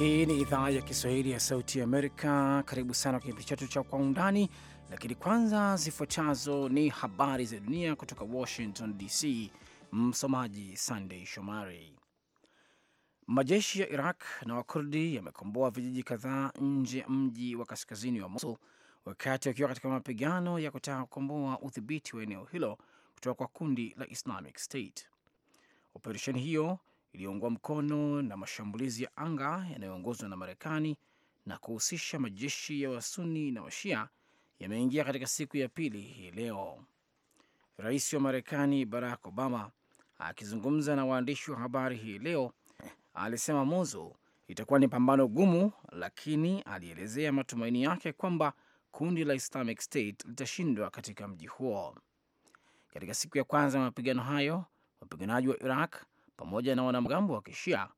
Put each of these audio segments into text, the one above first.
Hii ni idhaa ya Kiswahili ya Sauti ya Amerika. Karibu sana kwa kipindi chetu cha Kwa Undani, lakini kwanza zifuatazo ni habari za dunia kutoka Washington DC. Msomaji sandey Shomari. Majeshi ya Iraq na Wakurdi yamekomboa vijiji kadhaa nje ya mji wa kaskazini wa Mosul wakati wakiwa katika mapigano ya kutaka kukomboa udhibiti wa eneo hilo kutoka kwa kundi la Islamic State. Operesheni hiyo iliyoungwa mkono na mashambulizi ya anga yanayoongozwa na Marekani na kuhusisha majeshi ya Wasuni na Washia yameingia katika siku ya pili hii leo. Rais wa Marekani Barack Obama akizungumza na waandishi wa habari hii leo alisema Mosul itakuwa ni pambano gumu, lakini alielezea matumaini yake kwamba kundi la Islamic State litashindwa katika mji huo. Katika siku ya kwanza ya mapigano hayo, wapiganaji wa Iraq pamoja na wanamgambo wa Kishia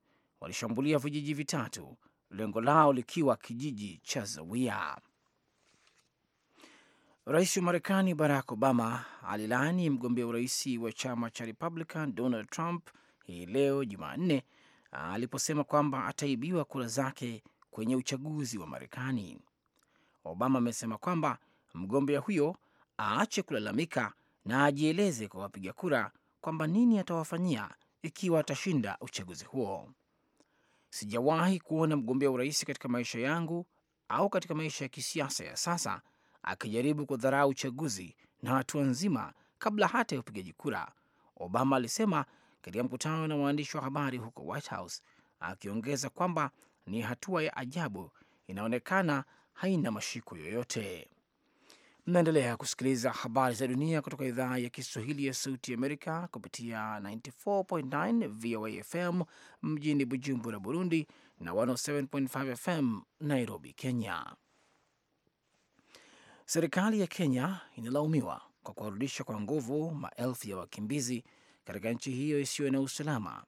walishambulia vijiji vitatu, lengo lao likiwa kijiji cha Zawia. Rais wa Marekani Barack Obama alilaani mgombea urais wa chama cha Republican Donald Trump hii leo Jumanne aliposema kwamba ataibiwa kura zake kwenye uchaguzi wa Marekani. Obama amesema kwamba mgombea huyo aache kulalamika na ajieleze kwa wapiga kura kwamba nini atawafanyia ikiwa atashinda uchaguzi huo. Sijawahi kuona mgombea urais katika maisha yangu au katika maisha ya kisiasa ya sasa akijaribu kudharau uchaguzi na hatua nzima kabla hata ya upigaji kura, Obama alisema katika mkutano na waandishi wa habari huko White House, akiongeza kwamba ni hatua ya ajabu, inaonekana haina mashiko yoyote. Mnaendelea kusikiliza habari za dunia kutoka idhaa ya Kiswahili ya Sauti Amerika kupitia 94.9 VOA FM mjini Bujumbura, Burundi na 107.5 FM Nairobi, Kenya. Serikali ya Kenya inalaumiwa kwa kuwarudisha kwa nguvu maelfu ya wakimbizi katika nchi hiyo isiyo na usalama.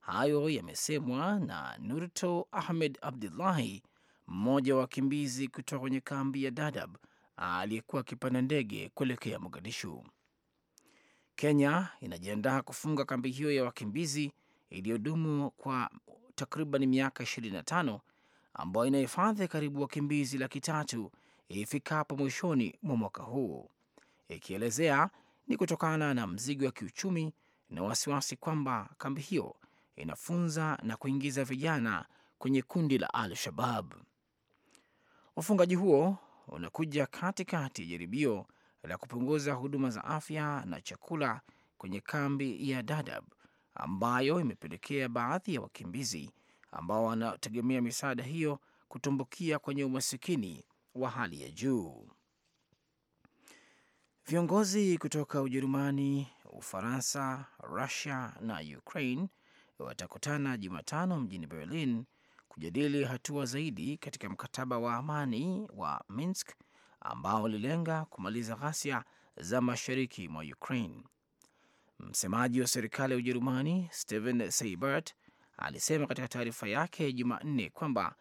Hayo yamesemwa na Nurto Ahmed Abdullahi, mmoja wa wakimbizi kutoka kwenye kambi ya Dadaab aliyekuwa akipanda ndege kuelekea Mogadishu. Kenya inajiandaa kufunga kambi hiyo ya wakimbizi iliyodumu kwa takriban miaka 25 ambayo inahifadhi karibu wakimbizi laki tatu ifikapo mwishoni mwa mwaka huu, ikielezea ni kutokana na mzigo wa kiuchumi na wasiwasi kwamba kambi hiyo inafunza na kuingiza vijana kwenye kundi la Al-Shabab. Ufungaji huo unakuja katikati ya jaribio la kupunguza huduma za afya na chakula kwenye kambi ya Dadab ambayo imepelekea baadhi ya wakimbizi ambao wanategemea misaada hiyo kutumbukia kwenye umasikini wa hali ya juu. Viongozi kutoka Ujerumani, Ufaransa, Rusia na Ukraine watakutana Jumatano mjini Berlin kujadili hatua zaidi katika mkataba wa amani wa Minsk ambao ulilenga kumaliza ghasia za mashariki mwa Ukraine. Msemaji wa serikali ya Ujerumani Steven Seibert alisema katika taarifa yake Jumanne kwamba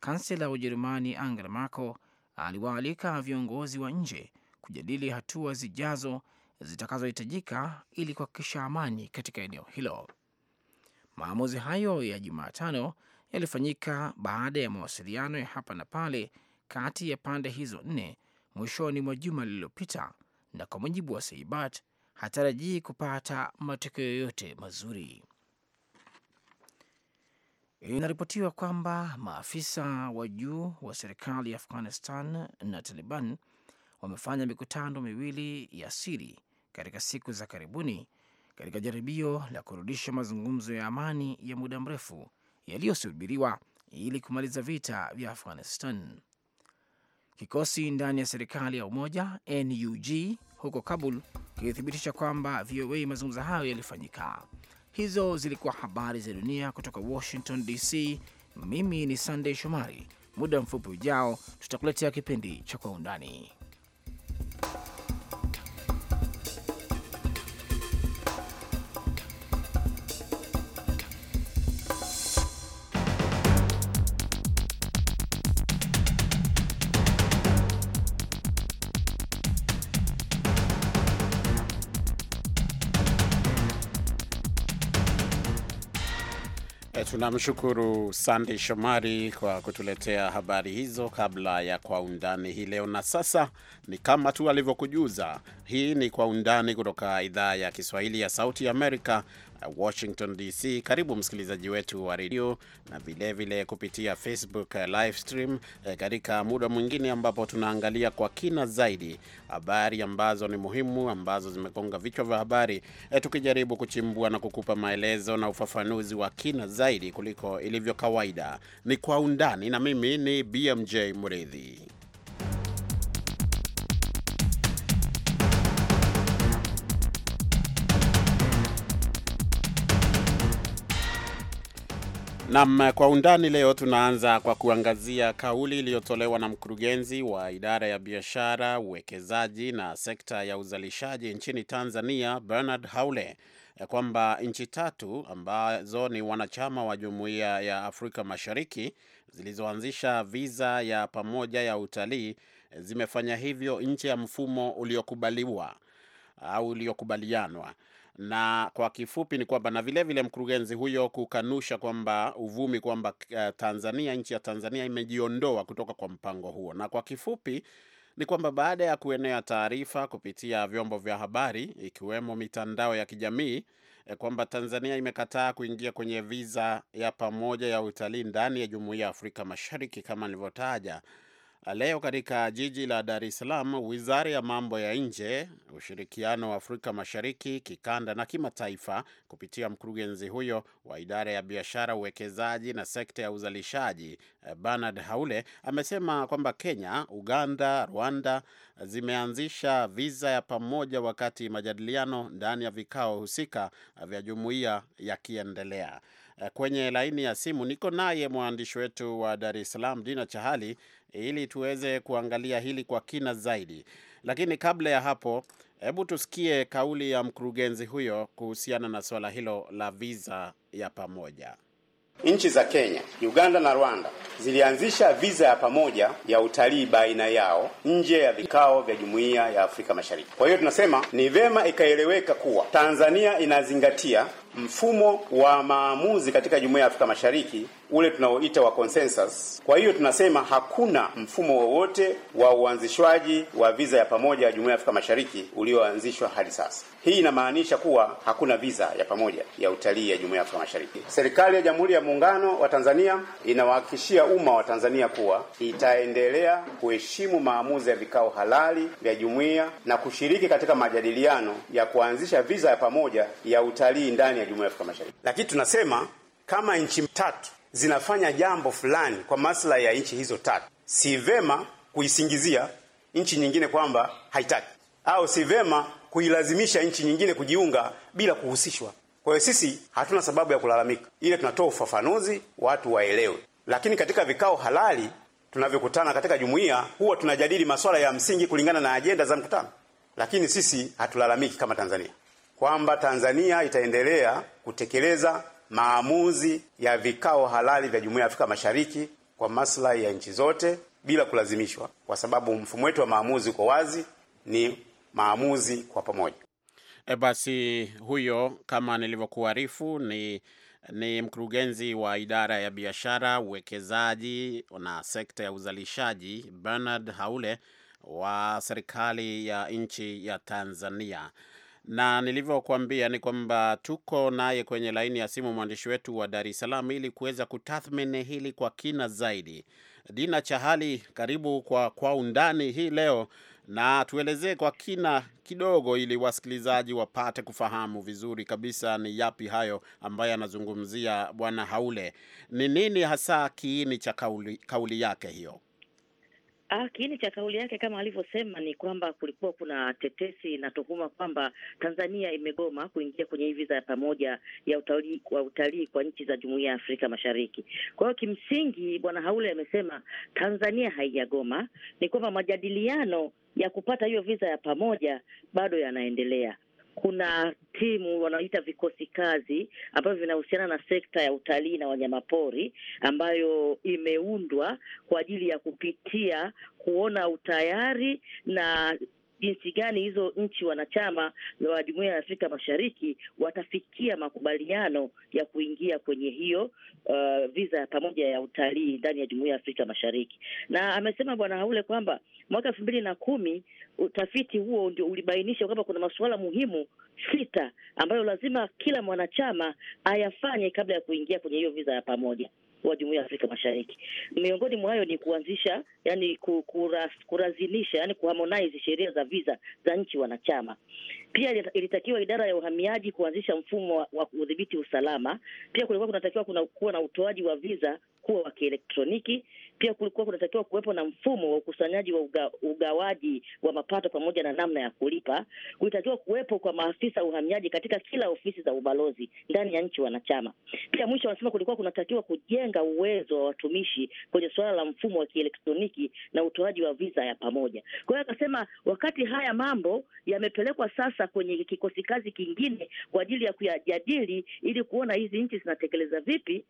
kansela wa Ujerumani Angela Merkel aliwaalika viongozi wa nje kujadili hatua zijazo zitakazohitajika ili kuhakikisha amani katika eneo hilo. Maamuzi hayo ya Jumatano yalifanyika baada ya mawasiliano ya hapa na pale kati ya pande hizo nne mwishoni mwa juma lililopita, na kwa mujibu wa Seibat hatarajii kupata matokeo yoyote mazuri. Inaripotiwa kwamba maafisa wa juu wa serikali ya Afghanistan na Taliban wamefanya mikutano miwili ya siri katika siku za karibuni katika jaribio la kurudisha mazungumzo ya amani ya muda mrefu yaliyosubiriwa ili kumaliza vita vya Afghanistan. Kikosi ndani ya serikali ya umoja NUG huko Kabul kilithibitisha kwamba VOA mazungumzo hayo yalifanyika. Hizo zilikuwa habari za dunia kutoka Washington DC. Mimi ni Sandey Shomari. Muda mfupi ujao tutakuletea kipindi cha Kwa Undani. Tunamshukuru Sandey Shomari kwa kutuletea habari hizo kabla ya Kwa Undani hii leo. Na sasa ni kama tu alivyokujuza, hii ni Kwa Undani kutoka idhaa ya Kiswahili ya Sauti ya Amerika, Washington DC. Karibu msikilizaji wetu wa redio na vilevile vile kupitia Facebook live stream eh, katika muda mwingine ambapo tunaangalia kwa kina zaidi habari ambazo ni muhimu ambazo zimegonga vichwa vya habari e, tukijaribu kuchimbua na kukupa maelezo na ufafanuzi wa kina zaidi kuliko ilivyo kawaida. Ni kwa undani na mimi ni BMJ mridhi Nam kwa undani leo tunaanza kwa kuangazia kauli iliyotolewa na mkurugenzi wa idara ya biashara, uwekezaji na sekta ya uzalishaji nchini Tanzania, Bernard Haule kwamba nchi tatu ambazo ni wanachama wa Jumuiya ya Afrika Mashariki zilizoanzisha viza ya pamoja ya utalii zimefanya hivyo nje ya mfumo uliokubaliwa au uliokubalianwa na kwa kifupi ni kwamba na vilevile vile mkurugenzi huyo kukanusha kwamba uvumi kwamba eh, Tanzania, nchi ya Tanzania imejiondoa kutoka kwa mpango huo. Na kwa kifupi ni kwamba baada ya kuenea taarifa kupitia vyombo vya habari ikiwemo mitandao ya kijamii eh, kwamba Tanzania imekataa kuingia kwenye viza ya pamoja ya utalii ndani ya Jumuiya ya Afrika Mashariki kama nilivyotaja Uh, leo katika jiji la Dar es Salaam, wizara ya mambo ya nje, ushirikiano wa Afrika Mashariki, kikanda na kimataifa, kupitia mkurugenzi huyo wa idara ya biashara, uwekezaji na sekta ya uzalishaji uh, Bernard Haule amesema kwamba Kenya, Uganda, Rwanda uh, zimeanzisha viza ya pamoja wakati majadiliano ndani ya vikao husika vya jumuiya yakiendelea. Kwenye laini ya simu niko naye mwandishi wetu wa Dar es Salaam Dina Chahali ili tuweze kuangalia hili kwa kina zaidi. Lakini kabla ya hapo, hebu tusikie kauli ya mkurugenzi huyo kuhusiana na suala hilo la viza ya pamoja. Nchi za Kenya, Uganda na Rwanda zilianzisha viza ya pamoja ya utalii baina yao nje ya vikao vya Jumuiya ya Afrika Mashariki. Kwa hiyo tunasema ni vema ikaeleweka kuwa Tanzania inazingatia mfumo wa maamuzi katika Jumuiya ya Afrika Mashariki ule tunaoita wa consensus. Kwa hiyo tunasema hakuna mfumo wowote wa uanzishwaji wa viza ya pamoja ya Jumuiya ya Afrika Mashariki ulioanzishwa hadi sasa. Hii inamaanisha kuwa hakuna viza ya pamoja ya utalii ya Jumuiya ya Afrika Mashariki. Serikali ya Jamhuri ya Muungano wa Tanzania inawahakikishia umma wa Tanzania kuwa itaendelea kuheshimu maamuzi ya vikao halali vya jumuiya na kushiriki katika majadiliano ya kuanzisha viza ya pamoja ya utalii ndani ya ya Jumuiya ya Afrika Mashariki. Lakini tunasema kama nchi tatu zinafanya jambo fulani kwa maslahi ya nchi hizo tatu, si vema kuisingizia nchi nyingine kwamba haitaki, au si vema kuilazimisha nchi nyingine kujiunga bila kuhusishwa. Kwa hiyo sisi hatuna sababu ya kulalamika, ile tunatoa ufafanuzi watu waelewe. Lakini katika vikao halali tunavyokutana katika jumuiya, huwa tunajadili masuala ya msingi kulingana na ajenda za mkutano, lakini sisi hatulalamiki kama Tanzania kwamba Tanzania itaendelea kutekeleza maamuzi ya vikao halali vya Jumuiya ya Afrika Mashariki kwa maslahi ya nchi zote bila kulazimishwa, kwa sababu mfumo wetu wa maamuzi uko wazi, ni maamuzi kwa pamoja. E, basi huyo kama nilivyokuarifu ni ni mkurugenzi wa idara ya biashara, uwekezaji na sekta ya uzalishaji Bernard Haule wa serikali ya nchi ya Tanzania na nilivyokuambia ni kwamba tuko naye kwenye laini ya simu mwandishi wetu wa Dar es Salaam ili kuweza kutathmini hili kwa kina zaidi. Dina Chahali, karibu kwa kwa undani hii leo, na tuelezee kwa kina kidogo, ili wasikilizaji wapate kufahamu vizuri kabisa ni yapi hayo ambayo anazungumzia Bwana Haule. Ni nini hasa kiini cha kauli, kauli yake hiyo? Ah, kiini cha kauli yake kama alivyosema ni kwamba kulikuwa kuna tetesi na tuhuma kwamba Tanzania imegoma kuingia kwenye hii viza ya pamoja ya utalii wa utalii kwa nchi za Jumuiya ya Afrika Mashariki. Kwa hiyo kimsingi, bwana Haule amesema Tanzania haijagoma, ni kwamba majadiliano ya kupata hiyo viza ya pamoja bado yanaendelea kuna timu wanaoita vikosi kazi ambavyo vinahusiana na sekta ya utalii na wanyamapori ambayo imeundwa kwa ajili ya kupitia kuona utayari na jinsi gani hizo nchi wanachama wa Jumuiya ya Afrika Mashariki watafikia makubaliano ya kuingia kwenye hiyo uh, visa ya pamoja ya utalii ndani ya Jumuiya ya Afrika Mashariki. Na amesema Bwana Haule kwamba mwaka elfu mbili na kumi utafiti huo ndio ulibainisha kwamba kuna masuala muhimu sita ambayo lazima kila mwanachama ayafanye kabla ya kuingia kwenye hiyo visa ya pamoja wa Jumuiya ya Afrika Mashariki. Miongoni mwa hayo ni kuanzisha, yani kuras, kurazinisha, yani kuharmonize sheria za visa za nchi wanachama. Pia ilitakiwa idara ya uhamiaji kuanzisha mfumo wa, kudhibiti udhibiti usalama. Pia kulikuwa kunatakiwa kuna kuwa na utoaji wa visa kuwa wa kielektroniki pia kulikuwa kunatakiwa kuwepo na mfumo wa ukusanyaji wa uga, ugawaji wa mapato pamoja na namna ya kulipa. Kulitakiwa kuwepo kwa maafisa uhamiaji katika kila ofisi za ubalozi ndani ya nchi wanachama. Pia mwisho, wanasema kulikuwa kunatakiwa kujenga uwezo wa watumishi kwenye suala la mfumo wa kielektroniki na utoaji wa visa ya pamoja. Kwa hiyo akasema, wakati haya mambo yamepelekwa sasa kwenye kikosi kazi kingine kwa ajili ya kuyajadili ili kuona hizi nchi zinatekeleza vipi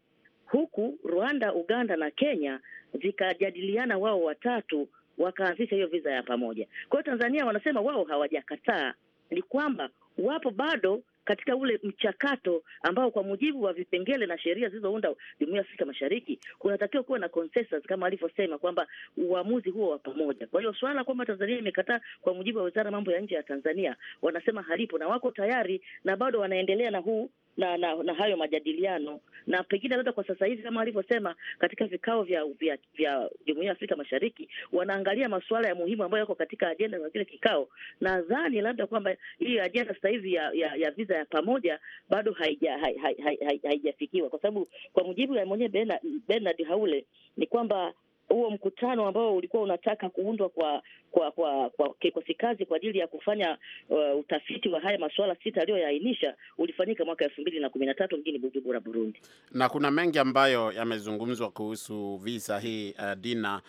huku Rwanda, Uganda na Kenya zikajadiliana wao watatu wakaanzisha hiyo visa ya pamoja. Kwa hiyo Tanzania wanasema wao hawajakataa, ni kwamba wapo bado katika ule mchakato ambao kwa mujibu wa vipengele na sheria zilizounda Jumuiya ya Afrika Mashariki kunatakiwa kuwa na consensus kama alivyosema kwamba uamuzi huo wa pamoja. Kwa hiyo swala kwamba Tanzania imekataa, kwa mujibu wa Wizara ya Mambo ya Nje ya Tanzania wanasema halipo na wako tayari na bado wanaendelea na huu na, na, na hayo majadiliano na pengine labda kwa sasa hivi kama alivyosema katika vikao vya vya, vya Jumuiya ya Afrika Mashariki wanaangalia masuala ya muhimu ambayo yako katika ajenda za kile kikao. Nadhani labda kwamba hii ajenda sasa hivi ya, ya, ya visa ya pamoja bado haijafikiwa hai, hai, hai, hai, kwa sababu kwa mujibu ya mwenyewe Bernard Haule ni kwamba huo mkutano ambao ulikuwa unataka kuundwa kwa kwa kwa, kwa kikosi kazi kwa ajili ya kufanya uh, utafiti wa haya masuala sita aliyoyaainisha ulifanyika mwaka elfu mbili na kumi na tatu mjini Bujumbura, Burundi. Na kuna mengi ambayo yamezungumzwa kuhusu visa hii uh, Dina,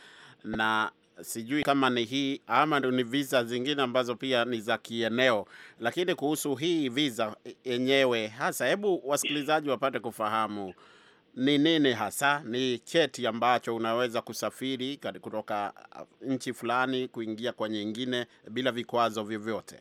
na sijui kama ni hii ama ni visa zingine ambazo pia ni za kieneo, lakini kuhusu hii visa e-, yenyewe hasa, hebu wasikilizaji wapate kufahamu ni nini hasa? Ni cheti ambacho unaweza kusafiri kutoka uh, nchi fulani kuingia kwa nyingine bila vikwazo vyovyote.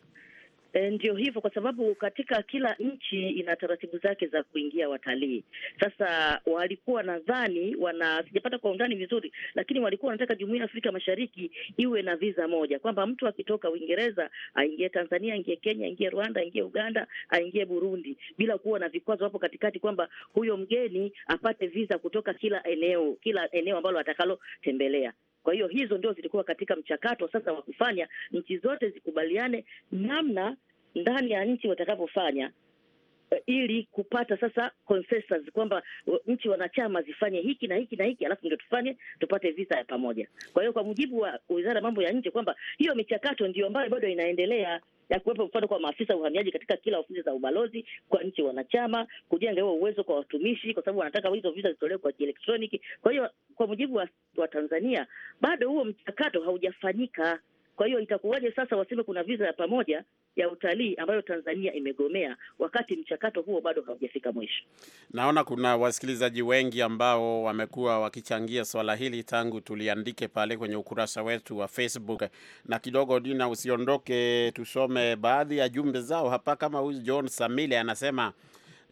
E, ndio hivyo, kwa sababu katika kila nchi ina taratibu zake za kuingia watalii. Sasa walikuwa nadhani wana, sijapata kwa undani vizuri, lakini walikuwa wanataka jumuiya ya Afrika Mashariki iwe na viza moja, kwamba mtu akitoka Uingereza aingie Tanzania, aingie Kenya, aingie Rwanda, aingie Uganda, aingie Burundi bila kuwa na vikwazo hapo katikati, kwamba huyo mgeni apate viza kutoka kila eneo, kila eneo ambalo atakalotembelea. Kwa hiyo hizo ndio zilikuwa katika mchakato sasa wa kufanya nchi zote zikubaliane namna ndani ya nchi watakavyofanya Eh, ili kupata sasa consensus kwamba eh, nchi wanachama zifanye hiki na hiki na hiki, alafu ndio tufanye tupate visa ya pamoja. Kwa hiyo kwa mujibu wa Wizara ya Mambo ya Nje kwamba hiyo michakato ndio ambayo bado inaendelea ya kuwepo mfano kwa maafisa wa uhamiaji katika kila ofisi za ubalozi kwa nchi wanachama, kujenga huo uwezo kwa watumishi, kwa sababu wanataka hizo visa zitolewe kwa kielektroniki. Kwa hiyo kwa mujibu wa, wa Tanzania bado huo mchakato haujafanyika. Kwa hiyo itakuwaje sasa waseme kuna visa ya pamoja ya utalii ambayo Tanzania imegomea wakati mchakato huo bado haujafika mwisho? Naona kuna wasikilizaji wengi ambao wamekuwa wakichangia swala hili tangu tuliandike pale kwenye ukurasa wetu wa Facebook, na kidogo Dina, usiondoke, tusome baadhi ya jumbe zao hapa. Kama huyu John Samile anasema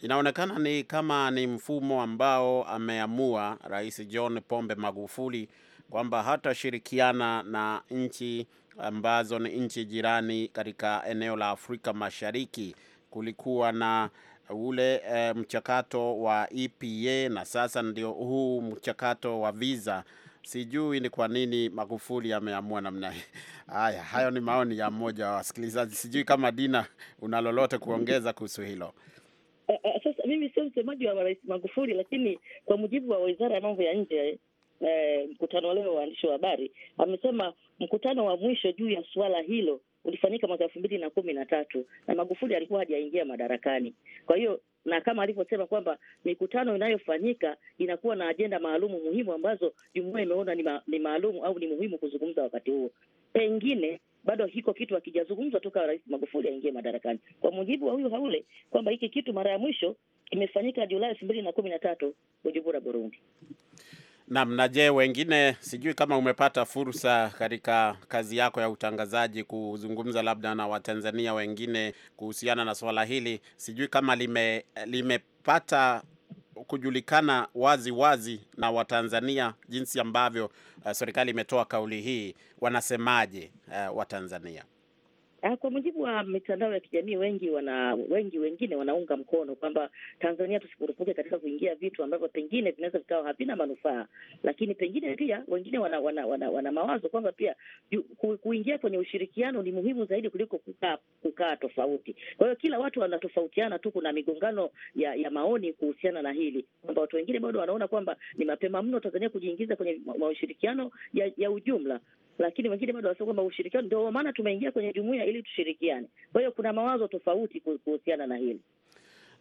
inaonekana ni kama ni mfumo ambao ameamua Rais John Pombe Magufuli kwamba hatashirikiana na nchi ambazo ni nchi jirani katika eneo la Afrika Mashariki. Kulikuwa na ule e, mchakato wa EPA na sasa ndio huu mchakato wa visa. Sijui ni kwa nini Magufuli ameamua namna hii. Haya, hayo ni maoni ya mmoja wa wasikilizaji. Sijui kama Dina una lolote kuongeza kuhusu hilo. Eh, eh, sasa mimi sio msemaji wa Rais Magufuli, lakini kwa mujibu wa Wizara ya Mambo ya Nje eh, mkutano wa leo waandishi wa habari, amesema mkutano wa mwisho juu ya suala hilo ulifanyika mwaka elfu mbili na kumi na tatu na Magufuli alikuwa hajaingia madarakani. Kwa hiyo na kama alivyosema kwamba mikutano inayofanyika inakuwa na ajenda maalumu muhimu ambazo jumuia imeona ni, ma, ni maalumu au ni muhimu kuzungumza wakati huo, pengine bado hiko kitu hakijazungumzwa toka Rais Magufuli aingie madarakani, kwa mujibu wa huyu Haule kwamba hiki kitu mara ya mwisho kimefanyika Julai elfu mbili na kumi na tatu Bujumbura, Burundi. Naam. Na je, wengine, sijui kama umepata fursa katika kazi yako ya utangazaji kuzungumza labda na Watanzania wengine kuhusiana na swala hili, sijui kama lime limepata kujulikana wazi wazi na Watanzania jinsi ambavyo uh, serikali imetoa kauli hii, wanasemaje uh, Watanzania? Eh, kwa mujibu wa mitandao ya kijamii, wengi wana wengi wengine wanaunga mkono kwamba Tanzania tusipurupuke katika kuingia vitu ambavyo pengine vinaweza vikawa havina manufaa, lakini pengine pia wengine wana wana, wana, wana mawazo kwamba pia kuingia kwenye ushirikiano ni muhimu zaidi kuliko kukaa kukaa tofauti. Kwa hiyo kila watu wanatofautiana tu, kuna migongano ya, ya maoni kuhusiana na hili kwamba watu wengine bado wanaona kwamba ni mapema mno Tanzania kujiingiza kwenye ushirikiano ya, ya ujumla, lakini wengine bado wanasema kwamba ushirikiano ndio maana tumeingia kwenye jumuiya ili tushirikiane. Kwa hiyo kuna mawazo tofauti kuhusiana na hili.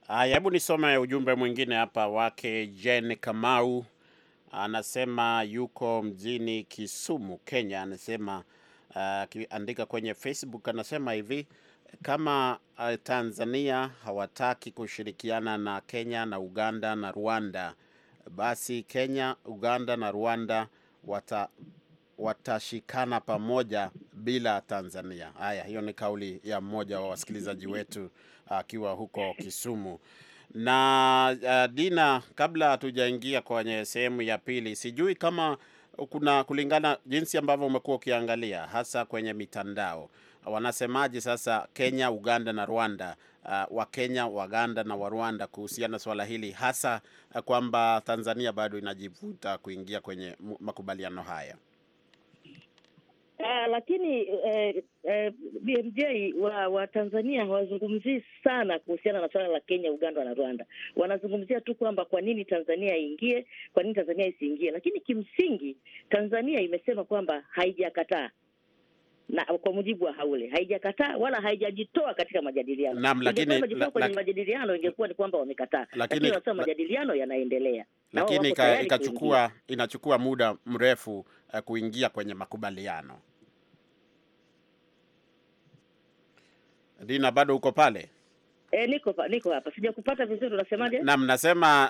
Haya, hebu nisome ujumbe mwingine hapa wake Jen Kamau, anasema yuko mjini Kisumu, Kenya. Anasema akiandika uh, kwenye Facebook anasema hivi kama uh, Tanzania hawataki kushirikiana na Kenya na Uganda na Rwanda, basi Kenya, Uganda na Rwanda wata watashikana pamoja bila Tanzania. Haya, hiyo ni kauli ya mmoja wa wasikilizaji wetu akiwa huko Kisumu na uh, Dina, kabla hatujaingia kwenye sehemu ya pili, sijui kama kuna kulingana jinsi ambavyo umekuwa ukiangalia hasa kwenye mitandao, wanasemaje sasa Kenya, Uganda na Rwanda, uh, ah, Wakenya, Waganda na Warwanda kuhusiana na swala hili hasa uh, kwamba Tanzania bado inajivuta kuingia kwenye makubaliano haya. Uh, lakini uh, eh, uh, eh, BMJ wa, wa Tanzania hawazungumzii sana kuhusiana na suala la Kenya, Uganda na Rwanda. Wanazungumzia tu kwamba kwa nini Tanzania iingie, kwa nini Tanzania isiingie, lakini kimsingi Tanzania imesema kwamba haijakataa na kwa mujibu wa haule haijakataa wala haijajitoa katika majadiliano. Naam, lakini la, majadiliano ingekuwa ni kwamba wamekataa, lakini wanasema majadiliano yanaendelea, lakini ikachukua inachukua muda mrefu uh, kuingia kwenye makubaliano. Dina, bado uko pale? E, niko niko hapa, sijakupata vizuri. Unasemaje? Naam, nasema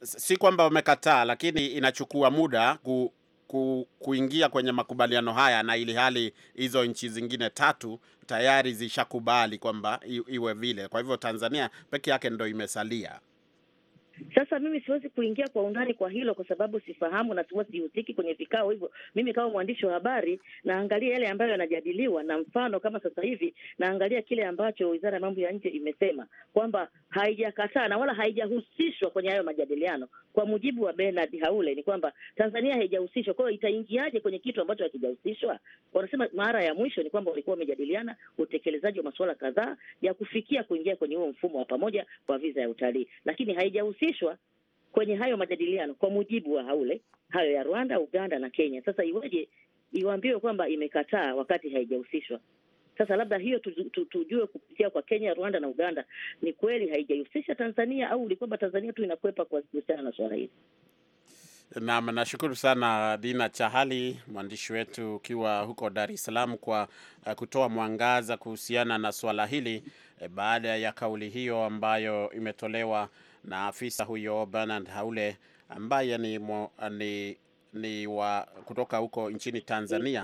uh, si kwamba wamekataa, lakini inachukua muda ku, ku, kuingia kwenye makubaliano haya, na ili hali hizo nchi zingine tatu tayari zishakubali kwamba iwe vile. Kwa hivyo Tanzania peke yake ndo imesalia. Sasa mimi siwezi kuingia kwa undani kwa hilo kwa sababu sifahamu na tuwa sihusiki kwenye vikao hivyo. Mimi kama mwandishi wa habari naangalia yale ambayo yanajadiliwa, na mfano kama sasa hivi naangalia kile ambacho Wizara ya Mambo ya Nje imesema kwamba haijakataa na wala haijahusishwa kwenye hayo majadiliano. Kwa mujibu wa Bernard Haule ni kwamba Tanzania haijahusishwa, kwa hiyo itaingiaje kwenye kitu ambacho hakijahusishwa? Wanasema mara ya mwisho ni kwamba walikuwa wamejadiliana utekelezaji wa masuala kadhaa ya kufikia kuingia kwenye huo mfumo wa pamoja wa viza ya utalii, lakini haijahusishwa kuhusishwa kwenye hayo majadiliano kwa mujibu wa haule hayo ya Rwanda, Uganda na Kenya. Sasa iweje iwaambiwe kwamba imekataa wakati haijahusishwa? Sasa labda hiyo tujue kupitia kwa Kenya, Rwanda na Uganda, ni kweli haijahusisha Tanzania au ni kwamba Tanzania tu inakwepa kuhusiana na suala hili? Naam, nashukuru sana Dina Chahali, mwandishi wetu ukiwa huko Dar es Salaam, kwa uh, kutoa mwangaza kuhusiana na swala hili eh, baada ya kauli hiyo ambayo imetolewa na afisa huyo Bernard Haule ambaye ni, mo, ni ni wa kutoka huko nchini Tanzania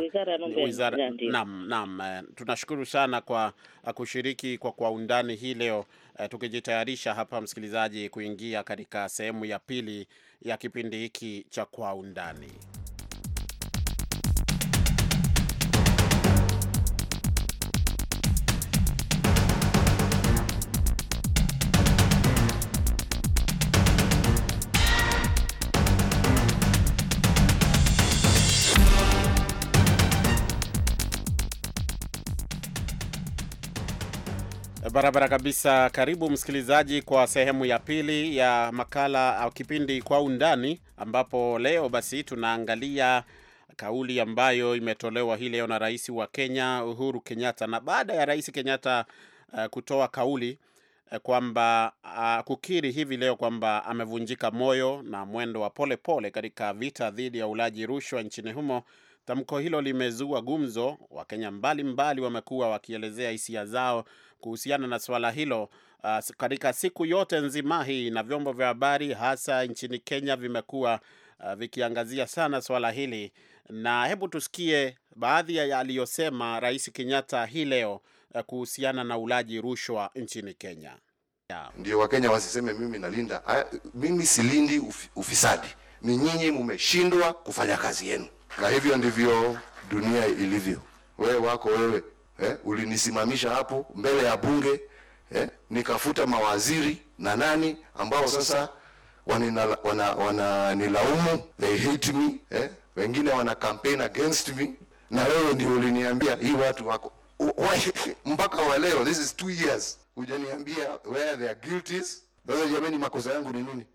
wizara. Naam, naam, eh, tunashukuru sana kwa eh, kushiriki kwa kwa undani hii leo, eh, tukijitayarisha hapa msikilizaji kuingia katika sehemu ya pili ya kipindi hiki cha kwa undani. Barabara kabisa. Karibu msikilizaji kwa sehemu ya pili ya makala au kipindi Kwa Undani, ambapo leo basi tunaangalia kauli ambayo imetolewa hii leo na rais wa Kenya Uhuru Kenyatta, na baada ya rais Kenyatta uh, kutoa kauli uh, kwamba uh, kukiri hivi leo kwamba amevunjika moyo na mwendo wa polepole katika vita dhidi ya ulaji rushwa nchini humo. Tamko hilo limezua gumzo, Wakenya mbalimbali wamekuwa wakielezea hisia zao kuhusiana na swala hilo uh, katika siku yote nzima hii, na vyombo vya habari hasa nchini Kenya vimekuwa uh, vikiangazia sana swala hili, na hebu tusikie baadhi ya aliyosema Rais Kenyatta hii leo uh, kuhusiana na ulaji rushwa nchini Kenya. Ndio Wakenya wasiseme mimi nalinda. A, mimi silindi uf, ufisadi. Ni nyinyi mumeshindwa kufanya kazi yenu, na hivyo ndivyo dunia ilivyo. Wewe wako wewe eh, ulinisimamisha hapo mbele ya bunge eh, nikafuta mawaziri na nani ambao sasa wananilaumu wana, wana they hate me eh, wengine wana campaign against me, na wewe ndio uliniambia hii watu wako mpaka wa leo, this is two years hujaniambia where their guilt is. Sasa jamani, makosa yangu ni nini?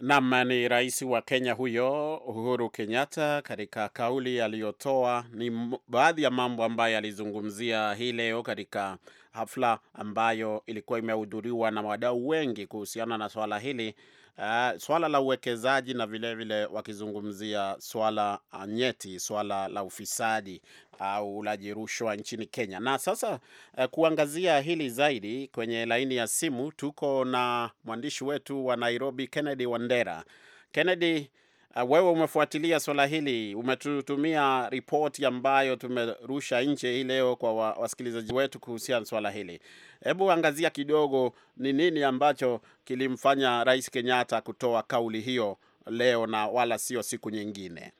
Nam ni rais wa Kenya huyo Uhuru Kenyatta. Katika kauli aliyotoa, ni baadhi ya mambo ambayo alizungumzia hii leo katika hafla ambayo ilikuwa imehudhuriwa na wadau wengi kuhusiana na swala hili uh, swala la uwekezaji na vilevile vile wakizungumzia swala ah, nyeti, swala la ufisadi au uh, ulaji rushwa nchini Kenya. Na sasa uh, kuangazia hili zaidi, kwenye laini ya simu tuko na mwandishi wetu wa Nairobi Kennedy Wandera. Kennedy Uh, wewe umefuatilia swala hili, umetutumia ripoti ambayo tumerusha nje hii leo kwa wa, wasikilizaji wetu kuhusiana swala hili. Hebu angazia kidogo, ni nini ambacho kilimfanya Rais Kenyatta kutoa kauli hiyo leo na wala sio siku nyingine?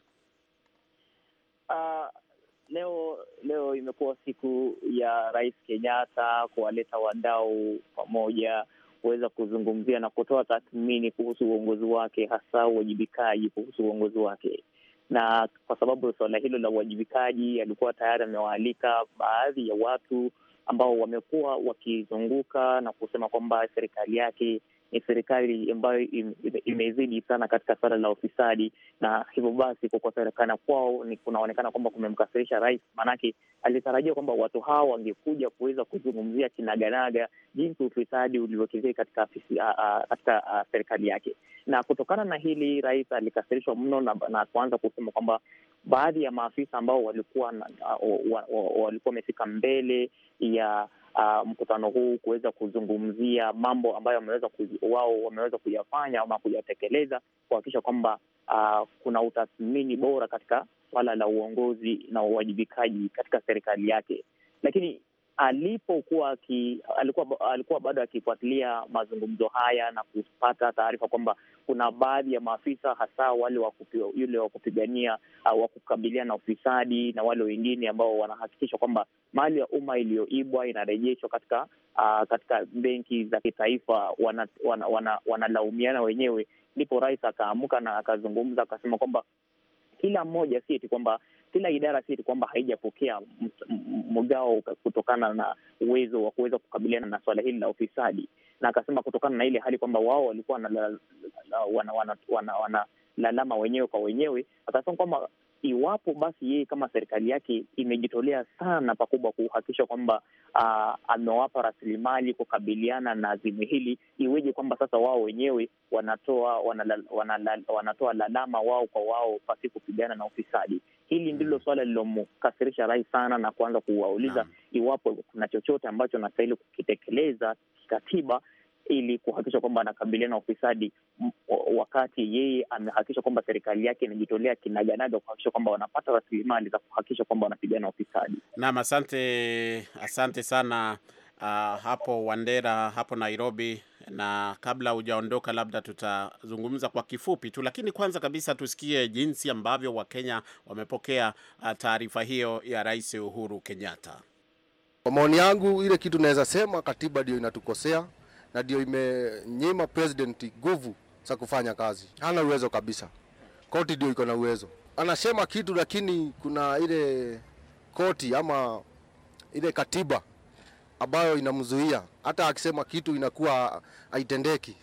Uh, leo leo imekuwa siku ya Rais Kenyatta kuwaleta wadau pamoja kuweza kuzungumzia na kutoa tathmini kuhusu uongozi wake, hasa uwajibikaji kuhusu uongozi wake. Na kwa sababu suala hilo la uwajibikaji, alikuwa tayari amewaalika baadhi ya watu ambao wamekuwa wakizunguka na kusema kwamba serikali yake ni serikali ambayo ime sana katika suala la ufisadi, na hivyo basi kukosekana kwao ni kunaonekana kwamba kumemkasirisha rais, maanake alitarajia kwamba watu hawa wangekuja kuweza kuzungumzia kinaganaga jinsi ufisadi ulivyokithiri katika afisi, a, a, katika a, serikali yake. Na kutokana na hili rais alikasirishwa mno na, na kuanza kusema kwamba baadhi ya maafisa ambao walikuwa walikuwa wamefika mbele ya uh, mkutano huu kuweza kuzungumzia mambo ambayo wao wameweza kuyafanya ama kuyatekeleza kuhakikisha kwamba uh, kuna utathmini bora katika swala la uongozi na uwajibikaji katika serikali yake. Lakini alipokuwa ki, alikuwa alikuwa bado akifuatilia mazungumzo haya na kupata taarifa kwamba kuna baadhi ya maafisa hasa wale yule wa kupigania uh, wa kukabiliana na ufisadi na wale wengine ambao wanahakikisha kwamba mali ya umma iliyoibwa inarejeshwa katika uh, katika benki za kitaifa, wanalaumiana wana, wana, wana wenyewe, ndipo rais akaamka na akazungumza akasema kwamba kila mmoja si eti kwamba kila idara si kwamba haijapokea mgao kutokana na uwezo wa kuweza kukabiliana na suala hili la ufisadi, na akasema kutokana na ile hali kwamba wao walikuwa wanalalama wenyewe kwa wenyewe, akasema kwamba iwapo basi yeye kama serikali yake imejitolea sana pakubwa kuhakikisha kwamba amewapa rasilimali kukabiliana na azimu hili, iweje kwamba sasa wao wenyewe wanatoa wanala, wanala, wanatoa lalama wao kwa wao pasi kupigana na ufisadi. Hili ndilo mm. suala lilomkasirisha rais sana, na kuanza kuwauliza iwapo kuna chochote ambacho anastahili kukitekeleza kikatiba ili kuhakikisha kwamba anakabiliana na ufisadi, wakati yeye amehakikisha kwamba serikali yake inajitolea kinaganaga kuhakikisha kwamba wanapata rasilimali za kuhakikisha kwamba wanapigana na ufisadi. Naam, asante, asante sana. Uh, hapo Wandera hapo Nairobi na kabla hujaondoka, labda tutazungumza kwa kifupi tu, lakini kwanza kabisa tusikie jinsi ambavyo Wakenya wamepokea uh, taarifa hiyo ya Rais Uhuru Kenyatta. Kwa maoni yangu, ile kitu naweza sema, katiba ndio inatukosea na ndio imenyima president nguvu za kufanya kazi. Hana uwezo kabisa, koti ndio iko na uwezo, anasema kitu, lakini kuna ile koti ama ile katiba ambayo inamzuia hata akisema kitu inakuwa haitendeki.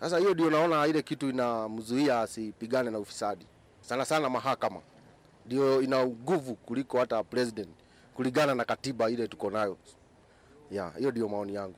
Sasa hiyo ndio naona ile kitu inamzuia asipigane na ufisadi, sana sana mahakama ndio ina nguvu kuliko hata president, kulingana na katiba ile tuko nayo ya hiyo ndio maoni yangu.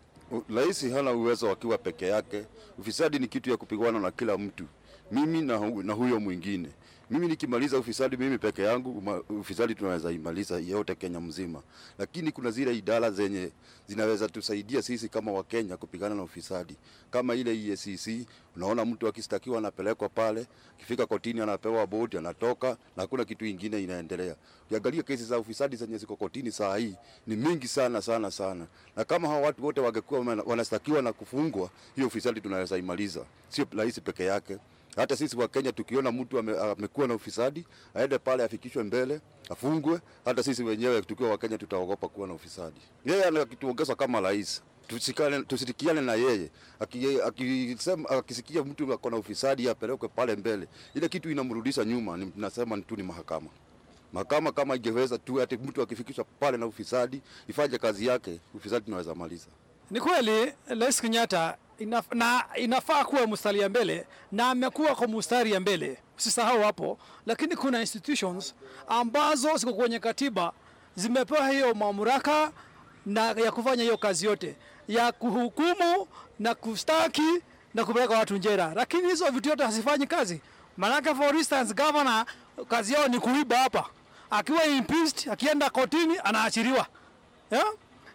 Rais hana uwezo akiwa peke yake. Ufisadi ni kitu ya kupigana na kila mtu, mimi na, hu na huyo mwingine mimi nikimaliza ufisadi mimi peke yangu, ufisadi tunaweza imaliza yote Kenya mzima, lakini kuna zile idara zenye zinaweza tusaidia sisi kama Wakenya kupigana na ufisadi kama ile EACC. Unaona, mtu akistakiwa anapelekwa pale, akifika kotini anapewa bodi, anatoka na hakuna kitu ingine inaendelea. Ukiangalia kesi za ufisadi zenye ziko kotini saa hii ni mingi sana sana sana, na kama hawa watu wote wangekuwa wanastakiwa na kufungwa, hiyo ufisadi tunaweza imaliza, sio rahisi peke yake. Hata sisi wa Kenya tukiona mtu amekuwa na ufisadi aende pale afikishwe mbele afungwe. Hata sisi wenyewe tukiwa wa Kenya tutaogopa kuwa na ufisadi. Yeye anakituongeza kama rais, tusirikiane na yeye. Akisema akisikia mtu ako na ufisadi apelekwe pale mbele, ile kitu inamrudisha nyuma. Nasema tu ni mahakama mahakama kama ingeweza tu ati mtu akifikishwa pale na ufisadi ifanye kazi yake, ufisadi tunaweza maliza. Ni kweli Rais Kenyatta Inaf, na inafaa kuwa mstari ya mbele na amekuwa kwa mstari ya mbele, usisahau hapo. Lakini kuna institutions ambazo ziko kwenye katiba zimepewa hiyo mamlaka na ya kufanya hiyo kazi yote ya kuhukumu na kustaki na kupeleka watu njera, lakini hizo vitu yote hazifanyi kazi. Maanake for instance, governor kazi yao ni kuiba hapa, akiwa impeached, akienda kotini anaachiriwa yeah?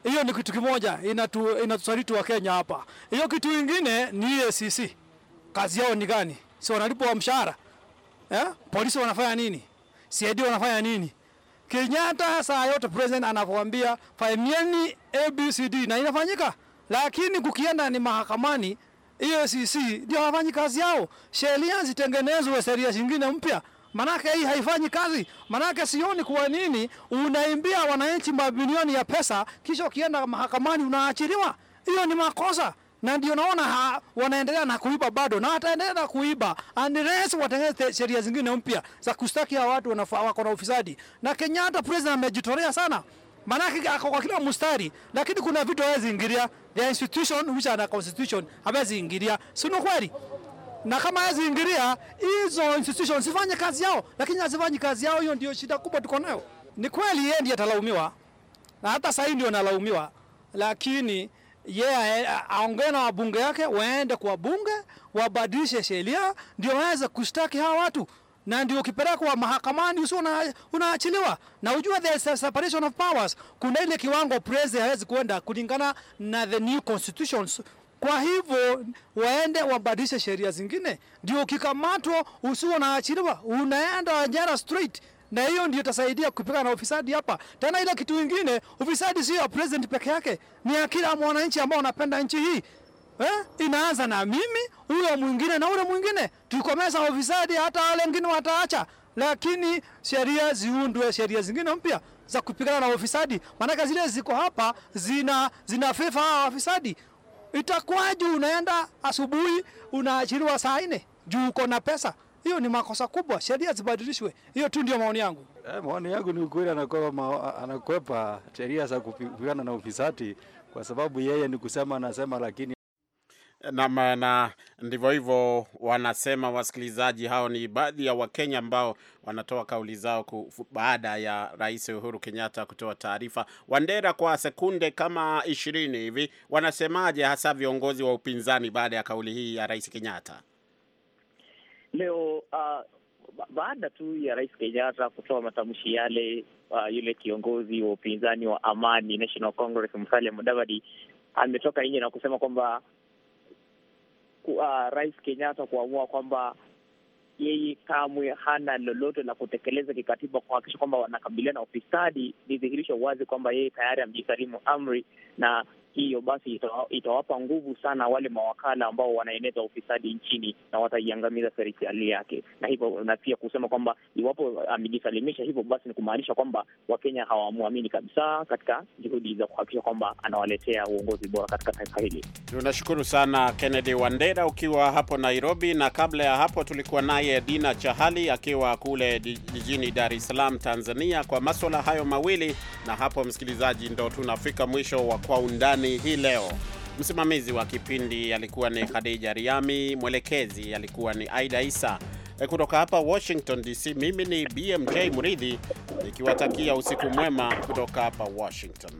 Hiyo ni kitu kimoja inatu, inatusaliti wa Kenya hapa. Hiyo kitu ingine ni EACC. Kazi yao ni gani? Si wanalipwa mshahara? Eh? Polisi wanafanya nini? CID wanafanya nini? Kenyatta saa yote president anakuambia fanyeni ABCD na inafanyika, lakini kukienda ni mahakamani, EACC ndio wanafanya kazi yao. Sheria zitengenezwe, sheria zingine mpya Manake hii haifanyi kazi, manake sioni kwa nini unaimbia wananchi mabilioni ya pesa, kisha ukienda mahakamani unaachiliwa. Hiyo ni makosa, na ndio naona wanaendelea na kuiba bado, na wataendelea na kuiba unless watengeneze sheria zingine mpya za kustaki hawa watu wanafaa wako na ufisadi. Na Kenyatta president amejitolea sana Manake ako kwa kila mstari, lakini kuna vitu hawezi ingilia, the institution which are the constitution hawezi ingilia, sio kweli? na kama haziingilia hizo institutions zifanye kazi yao, lakini hazifanyi kazi yao. Hiyo ndio shida kubwa tuko nayo. Ni kweli yeye ndiye atalaumiwa, na hata sasa ndio analaumiwa, lakini yeye yeah, aongee na wabunge yake, waende kwa bunge wabadilishe sheria ndio waweze kushtaki hawa watu, na ndio ukipelekwa mahakamani usio unaachiliwa. Na ujua the separation of powers, kuna ile kiwango president hawezi kuenda kulingana na the new constitutions kwa hivyo waende wabadilishe sheria zingine, ndio ukikamatwa usio unaachiliwa, unaenda jela straight, na hiyo ndio itasaidia kupigana na ufisadi hapa. Tena ile kitu kingine, ufisadi sio ya president peke yake, ni ya kila mwananchi ambao anapenda nchi hii. Eh, inaanza na mimi, ule mwingine na ule mwingine. Tukikomeza ufisadi, hata wale wengine wataacha, lakini sheria ziundwe, sheria zingine mpya za kupigana na ufisadi, maanake zile ziko hapa zina zina fifa wafisadi. Itakuwaje unaenda asubuhi unaachiliwa saa nne juu uko na pesa? Hiyo ni makosa kubwa, sheria zibadilishwe. Hiyo tu ndio maoni yangu. Eh, maoni yangu ni ukweli, anakwepa, anakwepa sheria za kupigana na ufisadi kwa sababu yeye ni kusema anasema, lakini na, na ndivyo hivyo wanasema wasikilizaji. Hao ni baadhi ya Wakenya ambao wanatoa kauli zao baada ya Rais Uhuru Kenyatta kutoa taarifa. Wandera, kwa sekunde kama ishirini hivi, wanasemaje hasa viongozi wa upinzani baada ya kauli hii ya Rais Kenyatta leo? Uh, baada tu ya Rais Kenyatta kutoa matamshi yale, uh, yule kiongozi wa upinzani wa Amani National Congress Musalia Mudavadi ametoka nje na kusema kwamba uh, Rais Kenyatta kuamua kwamba yeye kamwe hana lolote la kutekeleza kikatiba kuhakikisha kwamba wanakabiliana na ufisadi, ni dhihirisho wazi kwamba yeye tayari amejisalimu amri na hiyo basi itawapa nguvu sana wale mawakala ambao wanaeneza ufisadi nchini na wataiangamiza serikali yake, na hivyo na pia kusema kwamba iwapo ah, amejisalimisha hivyo basi ni kumaanisha kwamba Wakenya hawamwamini kabisa katika juhudi za kuhakikisha kwamba anawaletea uongozi bora katika taifa hili. Tunashukuru sana Kennedy Wandera ukiwa hapo Nairobi, na kabla ya hapo tulikuwa naye Dina Chahali akiwa kule jijini Dar es Salaam, Tanzania, kwa maswala hayo mawili. Na hapo msikilizaji, ndo tunafika mwisho wa kwa undani Undani hii leo. Msimamizi wa kipindi alikuwa ni Khadija Riami, mwelekezi alikuwa ni Aida Isa. E, kutoka hapa Washington DC, mimi ni BMJ Muridhi nikiwatakia usiku mwema kutoka hapa Washington.